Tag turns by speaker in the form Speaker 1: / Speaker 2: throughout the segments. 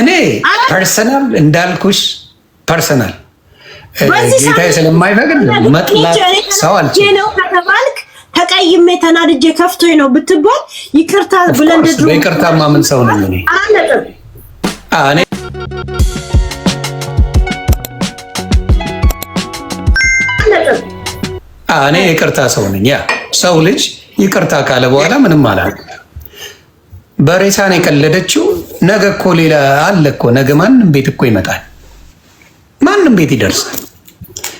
Speaker 1: እኔ ፐርሰናል እንዳልኩሽ ፐርሰናል ጌታ ስለማይፈቅድ መጥላት ሰው
Speaker 2: አልችልም ነው ከተባልክ ተቀይሜ ተናድጄ ከፍቶኝ ነው ብትባል ይቅርታ ብለን
Speaker 1: ይቅርታ ማምን ሰው ነው እኔ እኔ ይቅርታ ሰው ነኝ። ያ ሰው ልጅ ይቅርታ ካለ በኋላ ምንም አላለ። በሬሳን የቀለደችው ነገ እኮ ሌላ አለ እኮ ነገ ማንም ቤት እኮ ይመጣል፣ ማንም ቤት ይደርሳል።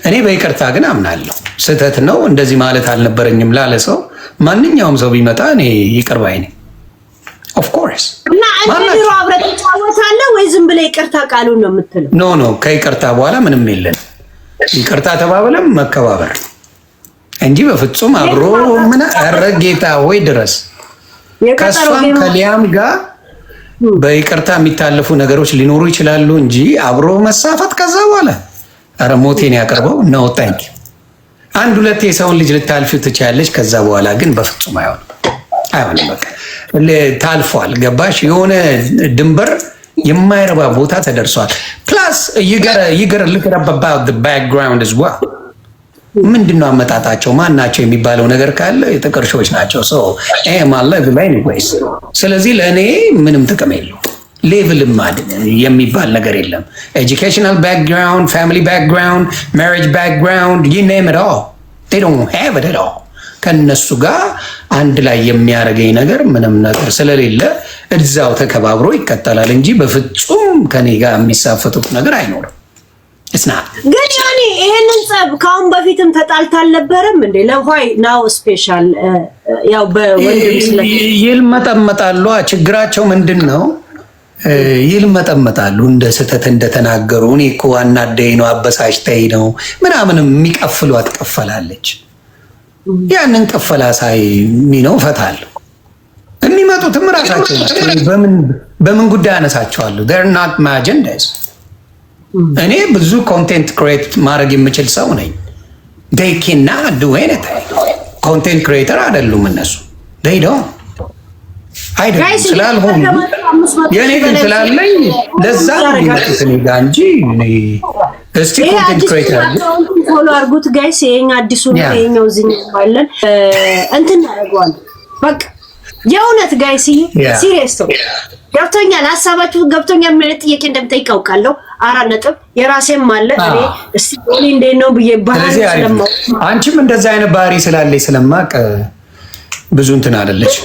Speaker 1: እኔ በይቅርታ ግን አምናለሁ ስህተት ነው እንደዚህ ማለት አልነበረኝም ላለ ሰው ማንኛውም ሰው ቢመጣ እኔ ይቅር ባይ ነኝ። ኦፍኮርስ
Speaker 2: እና እንደ ድሮ ወይ ዝም ብለህ ይቅርታ ቃሉ ነው የምትለው?
Speaker 1: ኖ ኖ ከይቅርታ በኋላ ምንም የለን። ይቅርታ ተባብለም መከባበር እንጂ በፍጹም አብሮ ምን ረጌታ ወይ ድረስ ከእሷም ከሊያም ጋር በይቅርታ የሚታለፉ ነገሮች ሊኖሩ ይችላሉ እንጂ አብሮ መሳፈጥ ከዛ በኋላ ኧረ ሞቴን ያቀርበው ነው። ታንኪ አንድ ሁለት የሰውን ልጅ ልታልፍ ትችያለች። ከዛ በኋላ ግን በፍጹም አይሆን አይሆንም። በቃ ታልፏል። ገባሽ? የሆነ ድንበር የማይረባ ቦታ ተደርሷል። ፕላስ ይገር ይገር ልክ ባክግራውንድ ምንድን ነው አመጣጣቸው ማን ናቸው የሚባለው ነገር ካለ የጥቁር ናቸው። ማለይስ ስለዚህ ለእኔ ምንም ጥቅም የለው። ሌቭልም የሚባል ነገር የለም። ኤጁኬሽናል ባክግራውንድ፣ ፋሚሊ ባክግራውንድ፣ ማሬጅ ባክግራውንድ ይኔም ዳ ዳ ጋር አንድ ላይ የሚያደርገኝ ነገር ምንም ነገር ስለሌለ እዛው ተከባብሮ ይቀጠላል እንጂ በፍጹም ከኔ ጋር የሚሳፈጡት ነገር አይኖርም።
Speaker 2: ግን ያኔ ይሄንን ጸብ ከአሁን በፊትም ተጣልታ አልነበረም እንዴ? ለሆይ ናው ስፔሻል ያው
Speaker 1: በወንድም ስለ ይልመጠመጣሉ። ችግራቸው ምንድን ነው? ይልመጠመጣሉ እንደ ስህተት እንደተናገሩ እኔ እኮ አናደይ ነው አበሳጭተይ ነው ምናምንም የሚቀፍሉ ቀፈላለች። ያንን ቀፈላ ሳይ ሚነው እፈታለሁ። የሚመጡትም ራሳቸው ናቸው። በምን ጉዳይ አነሳቸዋለሁ? ር ናት ማጀንዳ እኔ ብዙ ኮንቴንት ክሬት ማድረግ የምችል ሰው ነኝ። ዱ ድወይነት ኮንቴንት ክሬተር አይደሉም እነሱ ደይ ደው አይደሉም ስላልሆኑ ግን ስላለኝ ለዛ እኔ ጋ እንጂ እስቲ ኮንቴንት ክሬተር
Speaker 2: ፎሎ አድርጉት ጋይስ። አዲሱ እንትን በቃ የእውነት ጋይስ ሲሪየስ ነው። ገብቶኛል፣ ሀሳባችሁ ገብቶኛል። ምን ጥያቄ እንደምጠይቅ አውቃለሁ። አራት ነጥብ የራሴም አለ ah. እኔ እስቲ እኔ ነው ብዬ ባህሪ
Speaker 1: ስለማውቅ አንቺም እንደዛ አይነት ባህሪ ስላለኝ ስለማቅ uh, ብዙ እንትን አለች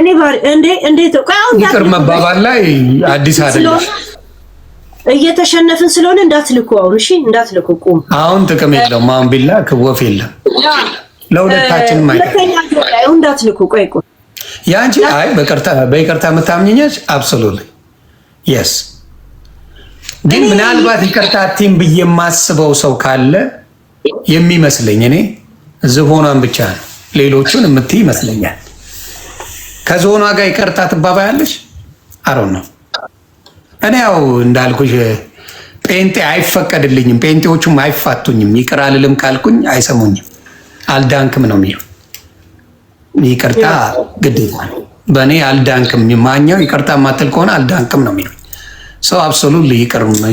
Speaker 2: እኔ ባህሪ እንዴ እንዴት
Speaker 1: ይቅር መባባል ላይ አዲስ አይደለሽ።
Speaker 2: እየተሸነፍን ስለሆነ እንዳትልኩ አሁን እሺ፣ እንዳትልኩ ቁም።
Speaker 1: አሁን ጥቅም የለውም። አሁን ቢላ ክወፍ የለም ለሁለታችንም
Speaker 2: አይደለም። እንዳትልኩ ቆይ ቆይ
Speaker 1: የአንቺ አይ በይቅርታ የምታምኝኛች አብሶሉት የስ ግን ምናልባት ይቅርታ ቲም ብዬ የማስበው ሰው ካለ የሚመስለኝ እኔ ዝሆኗን ብቻ ነው። ሌሎቹን የምትይ ይመስለኛል። ከዝሆኗ ጋር ይቅርታ ትባባያለች አረው ነው። እኔ ያው እንዳልኩሽ ጴንጤ አይፈቀድልኝም፣ ጴንጤዎቹም አይፋቱኝም። ይቅር አልልም ካልኩኝ አይሰሙኝም። አልዳንክም ነው የሚሉ ይቅርታ ግዴታ ነው። በእኔ አልዳንክም ማኛው ይቅርታ ማትል ከሆነ አልዳንክም ነው የሚሉኝ ሰው አብሶሉት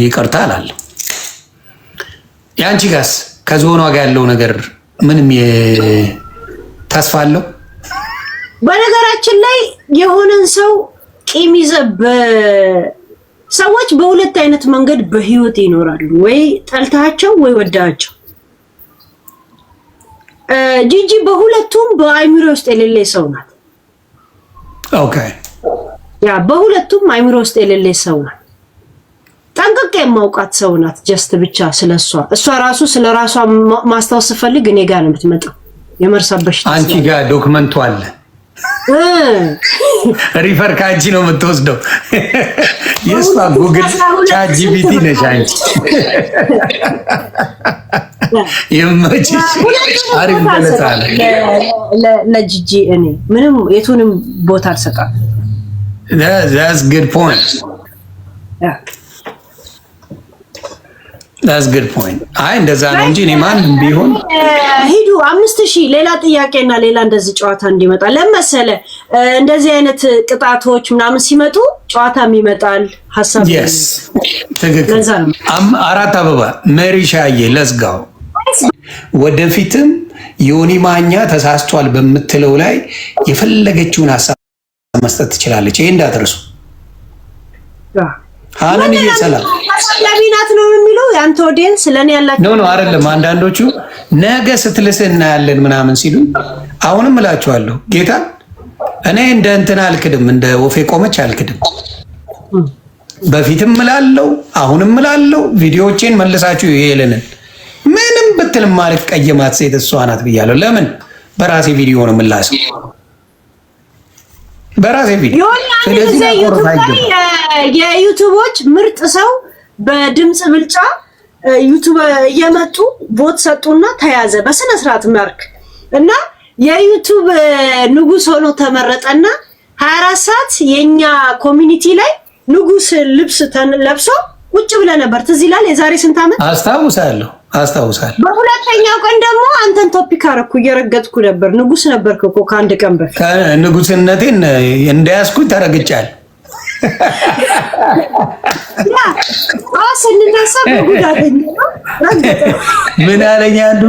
Speaker 1: ይቅርታ አላለ። የአንቺ ጋስ ከዝሆኗ ጋር ያለው ነገር ምንም ተስፋ አለው።
Speaker 2: በነገራችን ላይ የሆነን ሰው ቂም ይዘህ ሰዎች በሁለት አይነት መንገድ በህይወት ይኖራሉ፣ ወይ ጠልታቸው ወይ ወዳቸው ጂጂ በሁለቱም በአይምሮ ውስጥ የሌለ ሰው ናት። ኦኬ ያ በሁለቱም አይምሮ ውስጥ የሌለ ሰው ናት። ጠንቅቄ የማውቃት ሰው ናት። ጀስት ብቻ ስለሷ እሷ ራሱ ስለ ራሷ ማስታወስ ስፈልግ እኔ ጋር ነው የምትመጣው። የመርሳት በሽታ
Speaker 1: አንቺ ጋር ዶክመንቱ አለ። ሪፈር ከአንቺ ነው የምትወስደው። የእሷ ጉግል ቻት ጂፒቲ ነሽ አንቺ ይመችሽ።
Speaker 2: ለጂጂ እኔ ምንም የቱንም ቦታ አልሰጣም።
Speaker 1: ዛትስ ፖይንት ዛትስ ጉድ ፖይንት። አይ እንደዛ ነው እንጂ እኔ ማንም ቢሆን
Speaker 2: ሂዱ አምስት ሺህ ሌላ ጥያቄና ሌላ እንደዚህ ጨዋታ እንዲመጣ ለመሰለ እንደዚህ አይነት ቅጣቶች ምናምን ሲመጡ ጨዋታም ይመጣል። ሀሳብ
Speaker 1: ትክክል። አራት አበባ መሪ ሻዬ ለዝጋው ወደፊትም ዮኒ ማኛ ተሳስቷል በምትለው ላይ የፈለገችውን ሀሳብ መስጠት ትችላለች። ይሄ እንዳትረሱ። ሀናን እየሰላም
Speaker 2: ለሚናት ነው የሚለው የአንተ ኦዲየንስ ለእኔ ያላቸው
Speaker 1: ነው ነው አይደለም። አንዳንዶቹ ነገ ስትልስ እናያለን ምናምን ሲሉ አሁንም እላችኋለሁ ጌታ እኔ እንደ እንትን አልክድም፣ እንደ ወፌ ቆመች አልክድም። በፊትም እላለው፣ አሁንም ምላለው ቪዲዮዎቼን መልሳችሁ ይሄ ልንን ማለት ቀየማት ሴት እሷ ናት ብያለሁ። ለምን በራሴ ቪዲዮ ነው ምላስ በራሴ ቪዲዮ።
Speaker 2: የዩቱቦች ምርጥ ሰው በድምፅ ብልጫ ዩቱብ እየመጡ ቦት ሰጡና ተያዘ በስነ ስርዓት መርክ እና የዩቱብ ንጉስ ሆኖ ተመረጠና 24 ሰዓት የኛ ኮሚኒቲ ላይ ንጉስ ልብስ ለብሶ ቁጭ ብለ ነበር። ትዝ ይላል። የዛሬ ስንት ዓመት
Speaker 1: አስታውሳለሁ። አስታውሳል።
Speaker 2: በሁለተኛው ቀን ደግሞ አንተን ቶፒክ አረኩ እየረገጥኩ ነበር። ንጉስ ነበርክ እኮ ከአንድ ቀን
Speaker 1: በፊት። ንጉስነቴን እንዳያስኩኝ ተረግጫል። ምን አለኝ አንዱ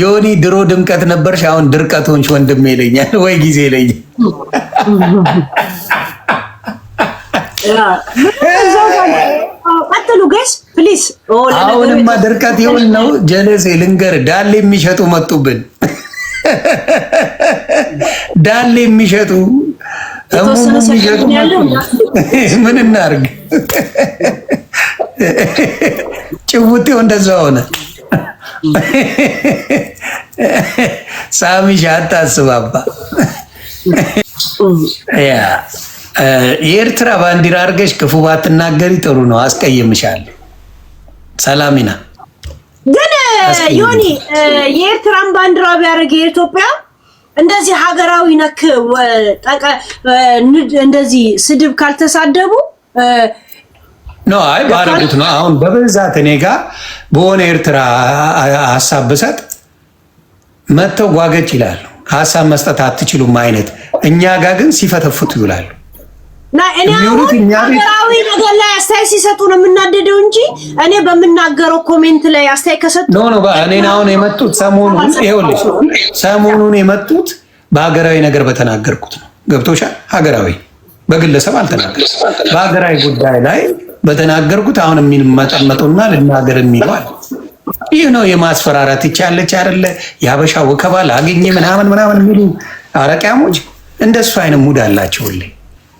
Speaker 1: የሆኒ ድሮ ድምቀት ነበርሽ፣ አሁን ድርቀት ሆንሽ ወንድሜ ይለኛል። ወይ ጊዜ ይለኛል። አሁንማ ድርቀት ይሁን ነው ጀለሴ ልንገር፣ ዳሌ የሚሸጡ መጡብን። ዳሌ የሚሸጡ የሚሸጡ ምን እናርግ? ጭውቴው እንደዛ ሆነ። ሳሚሻ አታስባባ። የኤርትራ ባንዲራ አድርገሽ ክፉ ባትናገሪ ጥሩ ነው። አስቀይምሻለሁ ሰላሚና
Speaker 2: ግን ዮኒ የኤርትራን ባንዲራ ቢያደርግ የኢትዮጵያ እንደዚህ ሀገራዊ ነክ እንደዚህ ስድብ ካልተሳደቡ
Speaker 1: ኖ አይ ባረጉት ነው። አሁን በብዛት እኔ ጋር በሆነ ኤርትራ ሀሳብ ብሰጥ መጥተው ጓገጭ ይላሉ። ሀሳብ መስጠት አትችሉም አይነት እኛ ጋር ግን ሲፈተፉት ይውላሉ።
Speaker 2: እኔ አሁን ሀገራዊ ነገር ላይ አስተያየት ሲሰጡ ነው የምናደደው እንጂ እኔ በምናገረው ኮሜንት ላይ አስተያየት ከሰጡ
Speaker 1: ኖ ኖ እኔን አሁን የመጡት ሰሞኑን ይኸውልሽ፣ ሰሞኑን የመጡት በሀገራዊ ነገር በተናገርኩት ነው። ገብቶሻል? ሀገራዊ በግለሰብ አልተናገርም። በሀገራዊ ጉዳይ ላይ በተናገርኩት አሁን የሚመጠመጡና ልናገር የሚለዋል ይህ ነው የማስፈራራት ይቻለች አይደለ? የሀበሻ ምናምን ምናምን የሚሉ አረቂያሞች እንደሱ አይነት ሙድ አላቸውልኝ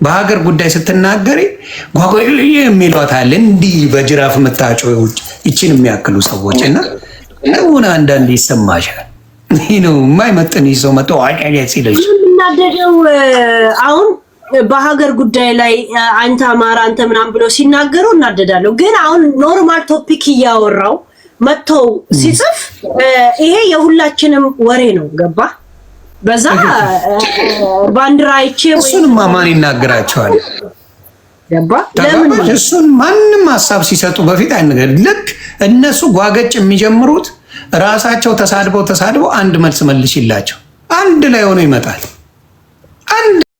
Speaker 1: በሀገር ጉዳይ ስትናገሪ ጓጓ የሚሏት እንዲህ በጅራፍ የምታጮ ውጭ ይችን የሚያክሉ ሰዎች እና ነውን አንዳንድ ይሰማሻል። ይህ ነው የማይመጥን ሰው መጥቶ ዋጫያ ሲለች
Speaker 2: የምናደደው አሁን በሀገር ጉዳይ ላይ አንተ አማራ አንተ ምናምን ብሎ ሲናገሩ እናደዳለሁ። ግን አሁን ኖርማል ቶፒክ እያወራው መጥተው ሲጽፍ ይሄ የሁላችንም ወሬ ነው። ገባ በዛ ባንዲራ አይቼ
Speaker 1: እሱንማ ማን ይናገራቸዋል? እሱን ማንም ሀሳብ ሲሰጡ በፊት አይነገር። ልክ እነሱ ጓገጭ የሚጀምሩት ራሳቸው ተሳድበው ተሳድበው አንድ መልስ መልሽ ይላቸው አንድ ላይ ሆኖ ይመጣል።